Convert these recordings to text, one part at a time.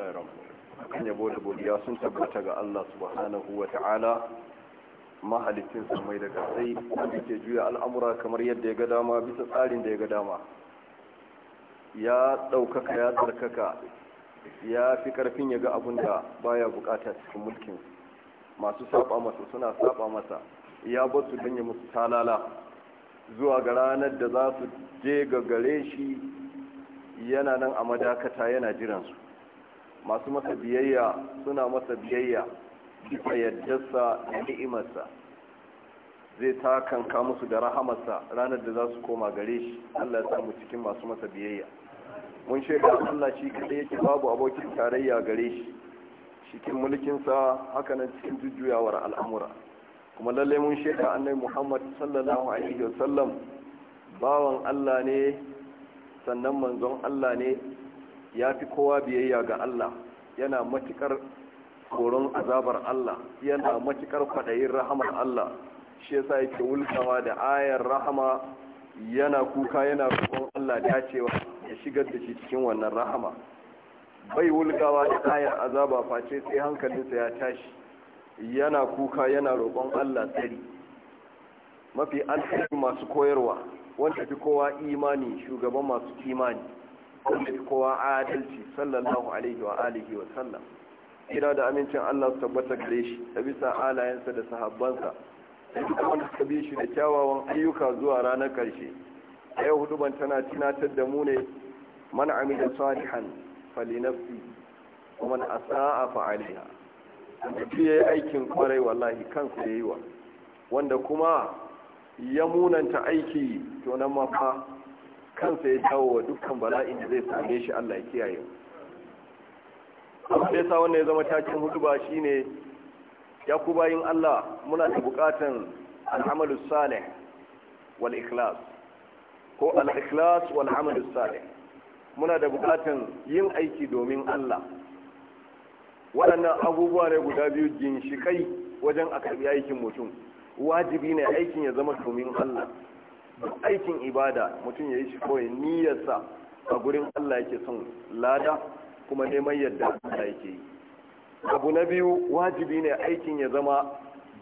alhamdulillah yabo da godiya sun tabbata ga Allah subhanahu wa ta'ala mahalicin samai da gatsai wanda ke juya al'amura kamar yadda ya ga dama bisa tsarin da ya ga dama ya ɗaukaka ya tsarkaka ya fi ƙarfin ya ga abin da baya bukata cikin mulkin masu saba masa suna saba masa ya bar su ganye ya musu talala zuwa ga ranar da za su je ga gare shi yana nan a madakata yana jiransu masu masa biyayya suna masa biyayya bisa yaddarsa da ni'imarsa zai takanka musu da rahamarsa ranar da za su koma gare shi allah ya samu cikin masu masa biyayya mun shaida allah shi kada yake babu abokin tarayya gare shi cikin mulkinsa haka nan cikin jujjuyawar al'amura kuma lallai mun shaida annai muhammad sallallahu alaihi wasallam bawan allah ne sannan manzon allah ne ya fi kowa biyayya ga Allah yana matukar koron azabar Allah yana matukar kwaɗayin rahama Allah shi yasa yake wulkawa da ayar rahama yana kuka yana roƙon Allah cewa, ya shigar da shi cikin wannan rahama bai wulkawa da ayar azaba face sai hankalinsa ya tashi yana kuka yana roƙon Allah tsari mafi alƙalin masu koyarwa wanda fi kowa imani shugaban masu kimani kuma kowa adalci sallallahu alaihi wa alihi wa sallam kira da amincin Allah su tabbata gare shi da bisa alayensa da sahabbansa da duk wanda suka bi shi da kyawawan ayyuka zuwa ranar karshe a yau huduban tana tunatar da mu ne man amila salihan fali nafsi wa man asa'a fa alaiha da yayi aikin kwarai wallahi kansa yayi wa wanda kuma ya munanta aiki to nan ma fa kansa ya dawo wa dukkan bala'in da zai same shi Allah ya kiyaye abin da yasa wannan ya zama takin huduba shine ya ku bayin Allah muna da bukatan al'amalu salih wal ikhlas ko al ikhlas wal amalu salih muna da bukatan yin aiki domin Allah waɗannan abubuwa ne guda biyu ginshikai wajen a karbi aikin mutum wajibi ne aikin ya zama domin Allah aikin ibada mutum ya yi shi kawai niyyarsa a gurin Allah yake son lada kuma neman yadda Allah yake yi abu na biyu wajibi ne aikin ya zama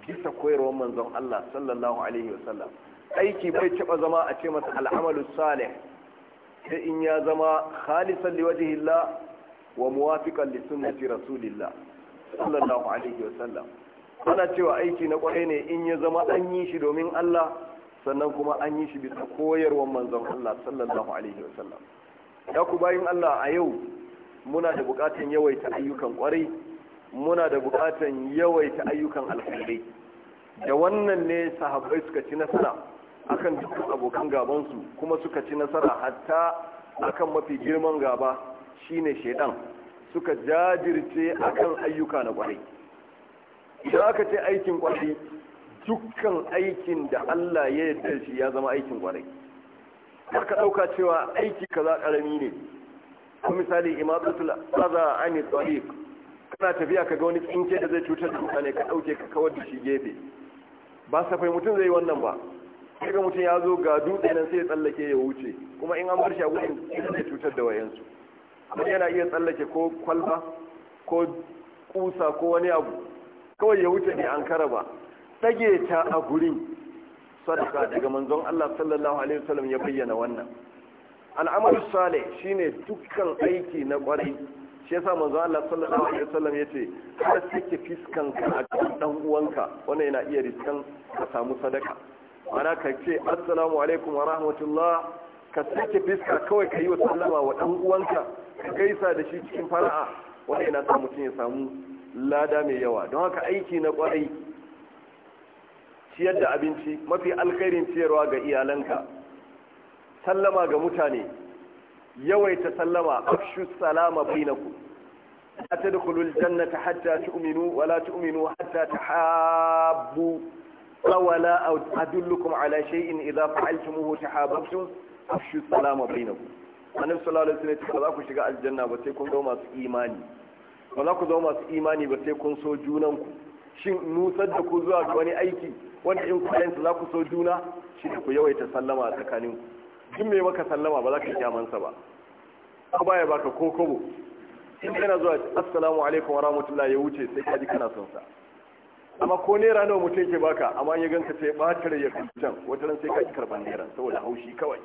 bisa koyarwar manzon Allah sallallahu alaihi wasallam aiki bai taba zama a ce masa al'amalu salih sai in ya zama khalisan liwajhillah wa muwafiqan li sunnati rasulillah sallallahu alaihi wasallam ana cewa aiki na kwarai ne in ya zama an yi shi domin Allah sannan kuma an yi shi bisa koyarwar manzon Allah sallallahu alaihi wasallam ya ku bayin Allah a yau muna da bukatan yawaita ayyukan kwarai muna da bukatan yawaita ayyukan alkhairai da wannan ne sahabbai suka ci nasara akan dukkan abokan su kuma suka ci nasara hatta akan mafi girman gaba shine shedan suka jajirce akan ayyuka na kwarai idan aka ce aikin kwarai dukkan aikin da Allah ya yarda shi ya zama aikin kwarai haka ka dauka cewa aiki kaza karami ne ko misali imadatul qada ani tariq kana tafiya kaga wani tsinke da zai cutar da mutane ka dauke ka kawar da shi gefe ba sa mutum zai yi wannan ba sai mutum ya zo ga dutse nan sai ya tsallake ya wuce kuma in an bar shi a gudun zai cutar da wayansu amma yana iya tsallake ko kwalba ko kusa ko wani abu kawai ya wuce ne an kara ba ɗage ta a gurin sadaka daga manzon Allah sallallahu alaihi wasallam ya bayyana wannan al'amalu salih shine dukkan aiki na kwarai shi yasa manzon Allah sallallahu alaihi wasallam yace har sake fiskan ka a kan dan uwanka wannan yana iya riskan ka samu sadaka ana ka ce assalamu alaikum wa rahmatullah ka sake fiska kawai ka yi wa sallama wa dan uwanka ka gaisa da shi cikin fara'a wannan yana sa mutum ya samu lada mai yawa don haka aiki na kwarai ciyar da abinci mafi alkhairin ciyarwa ga iyalanka sallama ga mutane yawaita sallama afshu salama bainaku la tadkhulu aljannata hatta tu'minu wa la tu'minu hatta tahabbu wala adullukum ala shay'in idha fa'altumuhu tahabbtum afshu salama bainaku annabi sallallahu alaihi wasallam za ku shiga aljanna ba sai kun zo masu imani ba za ku zo masu imani ba sai kun so junanku shin nusar da ku zuwa ga wani aiki wanda in ku za ku so juna shi ne ku yawaita sallama a tsakanin jin mai maka sallama ba za ka mansa ba ko baya baka ko kobo in kana zuwa assalamu alaikum wa rahmatullah ya wuce sai ka ji kana son sa amma ko naira nawa mutum ke baka amma ya ganka sai tare ya kan wata ran sai ka ji karban naira saboda haushi kawai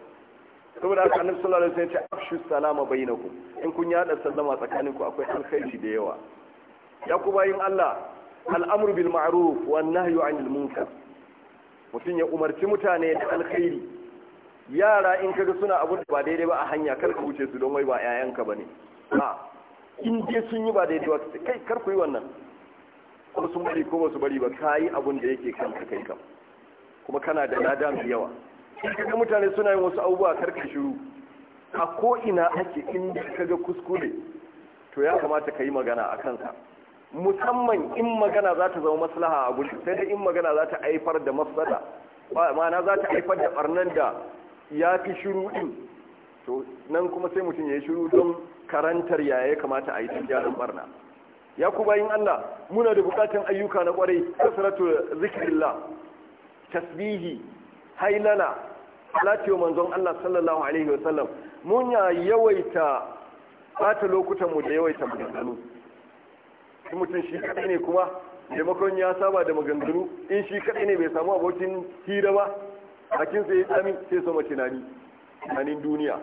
saboda haka annabi sallallahu alaihi wasallam ya ce afshu salama bainakum in kun yada sallama tsakaninku akwai alkhairi da yawa ya ku bayin Allah al'amru bil ma'ruf wan nahyu 'anil munkar mutum ya umarci mutane da alkhairi yara in kaga suna abun da ba daidai ba a hanya kar ka wuce su don wai ba 'ya'yanka ba ne a in dai sun yi ba daidai ba kai kar ku yi wannan Kuma sun bari ko su bari ba ka yi abun da yake kanka kai kam kuma kana da lada mai yawa in kaga mutane suna yin wasu abubuwa kar ka shiru a ko ina ake in kaga kuskure to ya kamata ka yi magana a kansa musamman in magana za ta zama maslaha a guri sai da in magana za ta haifar da mafsada ma'ana za ta haifar da barnan da ya fi shiru din to nan kuma sai mutum ya yi shiru don karantar yaya ya kamata a yi tun gyaran barna ya ku bayin Allah muna da bukatan ayyuka na kwarai kasratu zikrillah tasbihi hailala salati manzon Allah sallallahu alaihi wa mun ya yawaita bata lokutan mu da yawaita maganganu in mutum shi kadai ne kuma taimakon ya saba da maganganu in shi kadai ne bai samu abokin hira ba A bakin sai ya tsami sai sama tunani tunanin duniya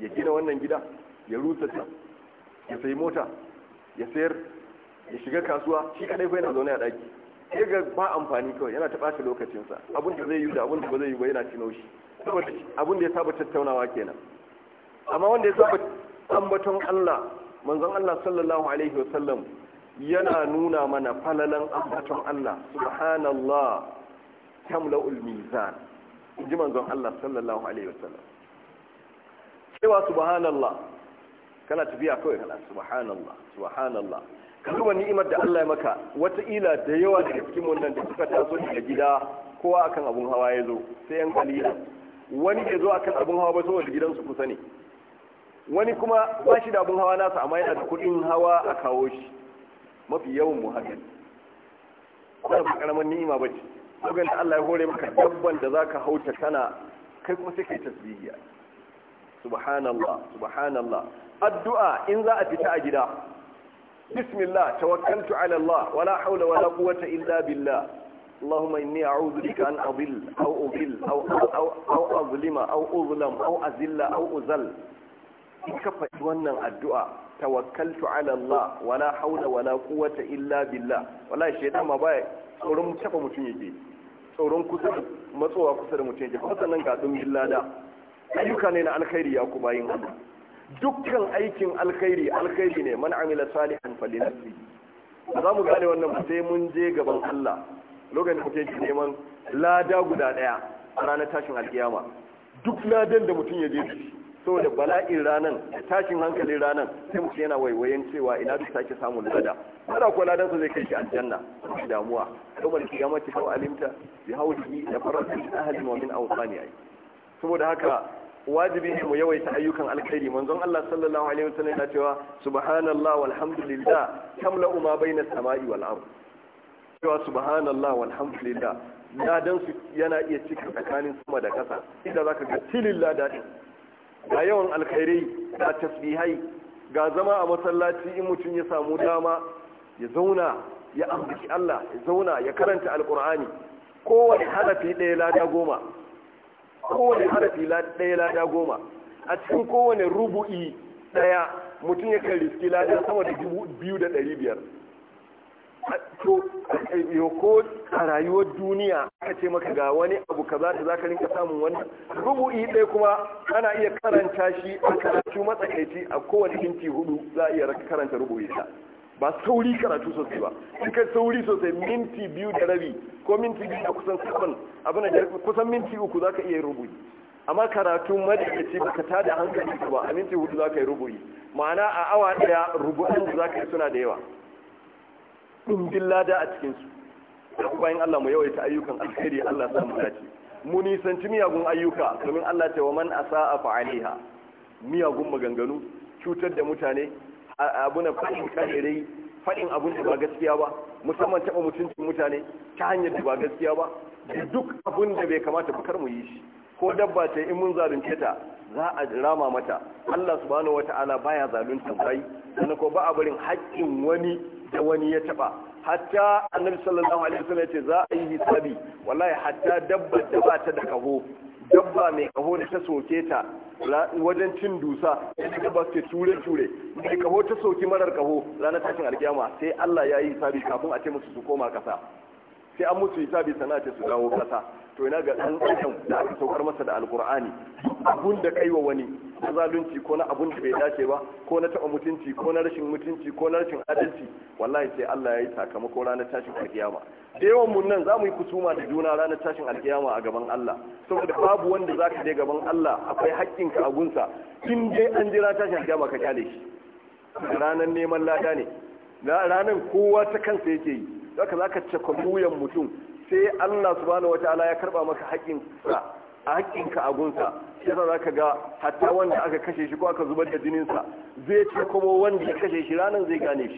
ya gina wannan gida ya rusa ta ya sayi mota ya sayar ya shiga kasuwa shi kadai fa yana zaune a ɗaki. sai ga ba amfani kawai yana ta ɓata lokacinsa abin da zai yi da abin da ba zai yi ba yana cino shi saboda abin da ya saba tattaunawa kenan amma wanda ya saba ambaton Allah manzon Allah sallallahu alaihi wasallam yana nuna mana falalan ambaton Allah subhanallah tamla ulmizan inji manzon Allah sallallahu alaihi wasallam cewa subhanallah kana tafiya kawai kana subhanallah subhanallah ka duba ni'imar da Allah ya maka wata ila da yawa daga cikin wannan da suka taso daga gida kowa akan abun hawa ya zo sai yan kalila wani ya zo akan abun hawa ba saboda gidansu kusa ne wani kuma ba shi da abin hawa nasa amma yana da kuɗin hawa a kawo shi mafi yawan mu haka kuma ba karaman ni'ima bace dogon da Allah ya hore maka dabban da zaka hauta kana kai kuma sai kai tasbihiya subhanallah subhanallah addu'a in za a fita a gida bismillah tawakkaltu ala Allah wala hawla wala quwwata illa billah اللهم إني أعوذ بك أن أضل أو أضل أو, أو, أو, أو أظلم أو أظلم أو أزل أو أزل ka faɗi wannan addu'a tawakkaltu ala Allah wala haula wala quwwata illa billah wala shaytan ma baya tsoron taba mutum yake tsoron kusa matsowa kusa da mutum yake kuma sannan ga dumbin lada ayyuka ne na alkhairi ya ku bayin hannu. dukkan aikin alkhairi alkhairi ne man amila salihan falinafsi za mu gane wannan sai mun je gaban Allah lokacin da muke neman lada guda daya a ranar tashin alkiyama duk ladan da mutum ya je shi so da bala'in ranan da tashin hankalin ranan sai mutum yana waiwayen cewa ina duk sake samun lada kada ko ladan su zai kai shi aljanna shi damuwa to bal kiyama ce ko alimta bi hawlihi da farasin ahli wa min awsani ai saboda haka wajibi ne mu yawaita ayyukan alkhairi manzon Allah sallallahu alaihi wasallam yana cewa subhanallah walhamdulillah tamla'u ma baina samai wal ard cewa subhanallah walhamdulillah ladan su yana iya cika tsakanin sama da ƙasa inda zaka ga tilin ladan ga yawan alkhairai ga tasbihai ga zama a masallaci in mutum ya samu dama ya zauna ya ambaci Allah ya zauna ya karanta alkur'ani kowane harafi ɗaya lada goma kowane harafi ɗaya lada goma a cikin kowane rubu'i ɗaya mutum ya kan riski lada sama da biyu da ɗari biyar to ko a rayuwar duniya aka ce maka ga wani abu kaza da zaka rinka samun rubu rubu'i ɗaya kuma ana iya karanta shi a karatu matsakaici a kowane inci hudu za a iya karanta rubu i ba sauri karatu sosai ba in ka sauri sosai minti biyu da rabi ko minti biyu a kusan sakon abin da kusan minti uku za ka iya rubu amma karatu ba ka ta da hankali ba a minti hudu za ka yi rubu ma'ana a awa ɗaya rubu'an da za ka yi suna da yawa ɗumbin lada a cikinsu da bayan Allah mu yawaita ayyukan alkhairi Allah sa mu dace mu nisanci miyagun ayyuka domin Allah ce wa man asa'a fa aliha miyagun maganganu cutar da mutane abuna fadin karerai fadin abun da ba gaskiya ba musamman taba mutuncin mutane ta hanyar da ba gaskiya ba duk abun da bai kamata ba kar mu yi shi ko dabba ce in mun zalunce ta za a rama mata Allah subhanahu wata'ala baya zalunta bai sannan ko ba a barin haƙƙin wani da wani ya taba hatta annabi sallallahu alaihi wasallam yace za a yi hisabi wallahi hatta dabba da ba ta da kaho dabba mai kaho da ta soke ta wajen cin dusa sai ka ke ture ture mai kaho ta soki marar kaho ranar tashin alkiyama sai Allah ya yi hisabi kafin a ce musu su koma kasa sai an mutu hisabi bi sanata su dawo kasa to ina ga dan adam da aka saukar masa da alqur'ani abun da kaiwa wani zalunci ko na abun da bai dace ba ko na taba mutunci ko na rashin mutunci ko na rashin adalci wallahi sai Allah ya yi sakamako ranar tashin alkiyama da yawan mun nan zamu yi kusuma da juna ranar tashin alkiyama a gaban Allah saboda babu wanda zaka je gaban Allah akwai haƙƙin ka a gunsa in dai an jira tashin alkiyama ka kyale shi ranar neman lada ne ranar kowa ta kansa yake yi haka zaka cakwabi wuyan mutum sai Allah subhanahu wataala ya karba maka haƙƙin ka a haƙƙinka a gunsa yasa za ka ga hatta wanda aka kashe shi ko aka zubar da jinin sa zai ce kuma wanda ya kashe shi ranar zai gane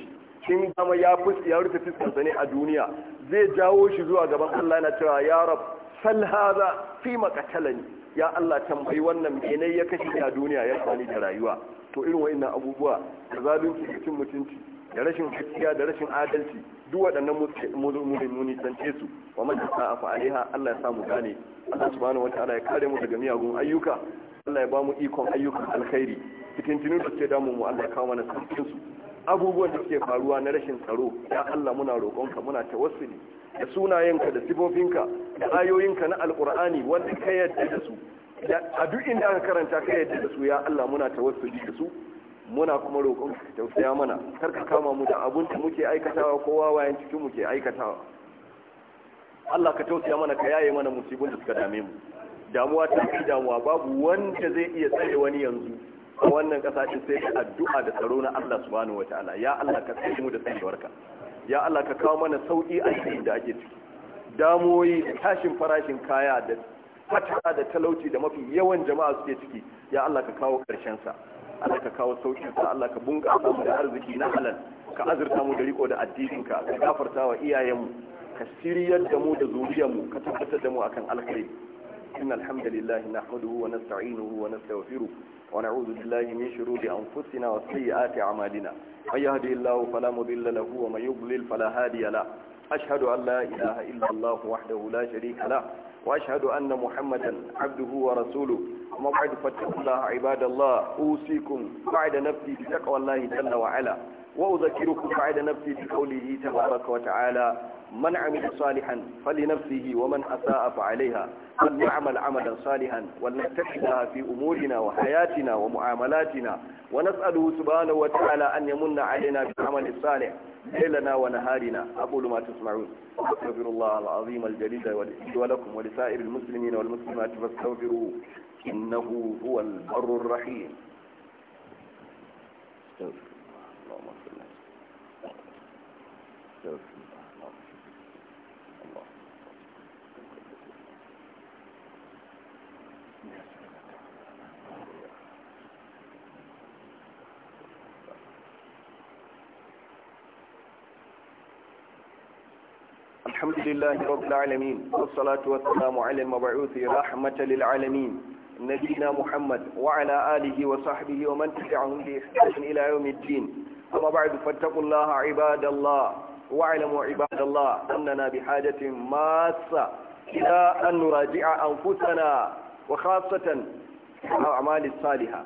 shi in dama ya ya rufe fuskarsa ne a duniya zai jawo shi zuwa gaban Allah yana cewa ya rab sal hada fi maqatalani ya Allah tambayi wannan menene ya kashe ni a duniya ya sani da rayuwa to irin wa'annan abubuwa da zalunci cikin mutunci da rashin gaskiya da rashin adalci duk waɗannan san ce su wa a sa'afa alaiha Allah ya samu gane Allah subhanahu wataala ya kare mu daga miyagun ayyuka Allah ya ba mu ikon ayyukan alkhairi cikin tinin da suke damu mu Allah ya kawo mana sauƙin su abubuwan da suke faruwa na rashin tsaro ya Allah muna roƙonka muna tawassuli da sunayenka da sifofinka da ayoyinka na alkur'ani wanda ka yadda da su a duk inda aka karanta ka yadda da su ya Allah muna tawassuli da su muna kuma roƙon tausaya mana kar ka kama mu da abun da muke aikatawa ko wawayen cikin muke aikatawa Allah ka tausaya mana ka yaye mana musibin da suka dame mu damuwa ta fi damuwa babu wanda zai iya tsare wani yanzu a wannan ƙasa din sai da addu'a da tsaro na Allah subhanahu wataala ya Allah ka tsare mu da tsarewarka ya Allah ka kawo mana sauki a cikin da ake ciki damoyi tashin farashin kaya da fata da talauci da mafi yawan jama'a suke ciki ya Allah ka kawo ƙarshen sa Allah ka kawo sauƙi ta Allah ka bunƙasa mu da arziki na halal ka azurta mu da riko da addininka ka gafarta wa iyayen mu ka siriyar da mu da zuriyar mu ka tabbatar da mu akan alkhairi inna alhamdulillahi nahmaduhu wa nasta'inuhu wa nastaghfiruh wa na'udhu billahi min shururi anfusina wa sayyiati a'malina may yahdihillahu fala mudilla lahu wa may yudlil fala hadiya la ashhadu an la ilaha illa allah wahdahu la sharika lahu وأشهد أن محمدا عبده ورسوله أما بعد فاتقوا الله عباد الله أوصيكم بعد نفسي بتقوى الله جل وعلا وأذكركم بعد نفسي بقوله تبارك وتعالى من عمل صالحا فلنفسه ومن أساء فعليها فلنعمل عملا صالحا ولنتحدها في أمورنا وحياتنا ومعاملاتنا ونسأله سبحانه وتعالى أن يمن علينا بالعمل الصالح ليلنا ونهارنا أقول ما تسمعون أستغفر الله العظيم الجليل ولكم ولسائر المسلمين والمسلمات فاستغفروه إنه هو البر الرحيم اللهم الحمد لله رب العالمين والصلاة والسلام على المبعوث رحمة للعالمين نبينا محمد وعلى آله وصحبه ومن تبعهم بإحسان إلى يوم الدين أما بعد فاتقوا الله عباد الله واعلموا عباد الله أننا بحاجة ماسة إلى أن نراجع أنفسنا وخاصة الأعمال الصالحة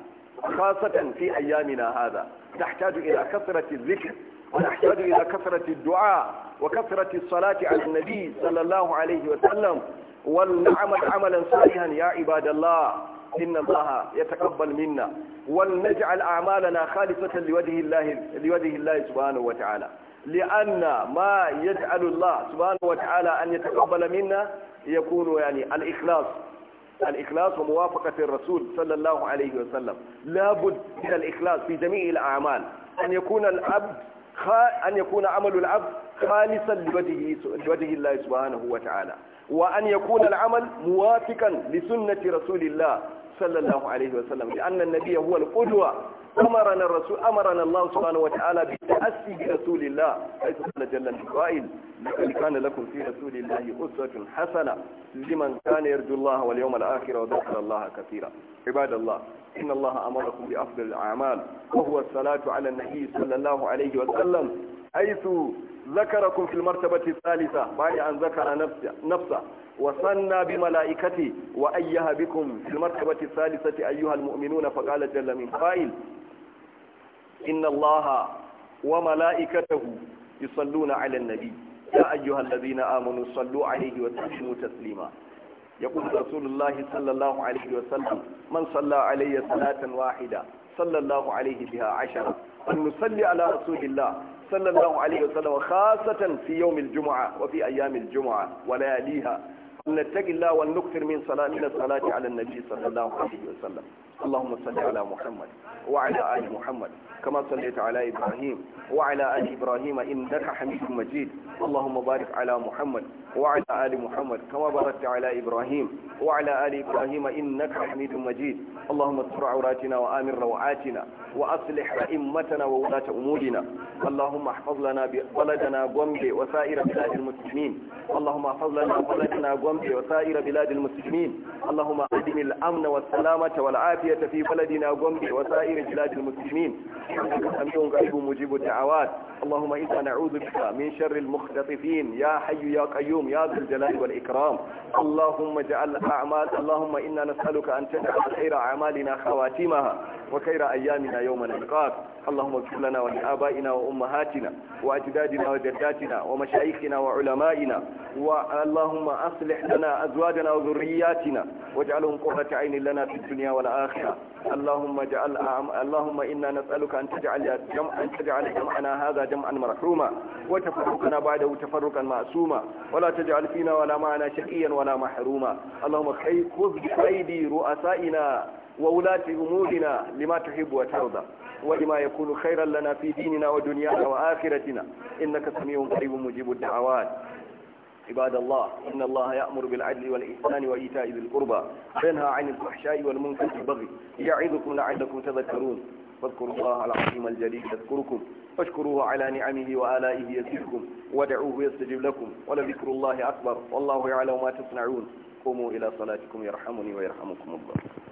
خاصة في أيامنا هذا نحتاج إلى كثرة الذكر ونحتاج إلى كثرة الدعاء وكثرة الصلاة على النبي صلى الله عليه وسلم ولنعمل عملا صالحا يا عباد الله إن الله يتقبل منا ولنجعل أعمالنا خالصة لوجه الله لوجه الله سبحانه وتعالى لأن ما يجعل الله سبحانه وتعالى أن يتقبل منا يكون يعني الإخلاص الإخلاص وموافقة الرسول صلى الله عليه وسلم لابد من الإخلاص في جميع الأعمال أن يكون العبد أن يكون عمل العبد خالصا لوجه لوجه الله سبحانه وتعالى وأن يكون العمل موافقا لسنة رسول الله صلى الله عليه وسلم لأن النبي هو القدوة أمرنا الرسول أمرنا الله سبحانه وتعالى بالتأسي برسول الله حيث قال جل القائل لقد كان لكم في رسول الله أسوة حسنة لمن كان يرجو الله واليوم الآخر وذكر الله كثيرا عباد الله إن الله أمركم بأفضل الأعمال وهو الصلاة على النبي صلى الله عليه وسلم حيث ذكركم في المرتبة الثالثة بعد أن ذكر نفسه وصلنا بملائكته وأيها بكم في المرتبة الثالثة أيها المؤمنون فقال جل من قائل إن الله وملائكته يصلون على النبي يا أيها الذين آمنوا صلوا عليه وسلموا تسليما يقول رسول الله صلى الله عليه وسلم من صلى علي صلاة واحدة صلى الله عليه بها عشرة أن نصلي على رسول الله صلى الله عليه وسلم خاصة في يوم الجمعة وفي أيام الجمعة ولياليها نتقي الله ونكثر من صلاتنا الصلاة على النبي صلى الله عليه وسلم اللهم صل على محمد وعلى آل محمد كما صليت على إبراهيم وعلى آل إبراهيم إنك حميد مجيد اللهم بارك على محمد وعلى آل محمد كما باركت على إبراهيم وعلى آل إبراهيم إنك حميد مجيد اللهم استر عوراتنا وآمن روعاتنا وأصلح أئمتنا وولاة أمورنا اللهم احفظ لنا بلدنا غومبي وسائر بلاد المسلمين اللهم احفظ لنا بلدنا غومبي وسائر بلاد المسلمين اللهم أدم الأمن والسلامة والعافية في بلدنا غومبي وسائر بلاد المسلمين أنتم قريب مجيب الدعوات اللهم إنا نعوذ بك من شر المختطفين يا حي يا قيوم القيوم يا ذا الجلال والإكرام اللهم اجعل أعمال اللهم إنا نسألك أن تجعل خير أعمالنا خواتمها وخير أيامنا يوم نلقاك اللهم اغفر لنا ولآبائنا وأمهاتنا وأجدادنا وجداتنا ومشايخنا وعلمائنا اللهم أصلح لنا أزواجنا وذرياتنا واجعلهم قرة عين لنا في الدنيا والآخرة اللهم اجعل اللهم إنا نسألك أن تجعل جمع أن تجعل جمعنا هذا جمعا مرحوما وتفرقنا بعده تفرقا معصوما ولا تجعل فينا ولا معنا شقيا ولا محروما اللهم خذ بأيدي رؤسائنا وولاة أمورنا لما تحب وترضى ولما يكون خيرا لنا في ديننا ودنيانا وآخرتنا إنك سميع قريب مجيب الدعوات عباد الله إن الله يأمر بالعدل والإحسان وإيتاء ذي القربى وينهى عن الفحشاء والمنكر والبغي يعظكم لعلكم تذكرون فاذكروا الله العظيم الجليل يذكركم واشكروه على نعمه وآلائه يزدكم ودعوه يستجب لكم ولذكر الله أكبر والله يعلم ما تصنعون قوموا إلى صلاتكم يرحمني ويرحمكم الله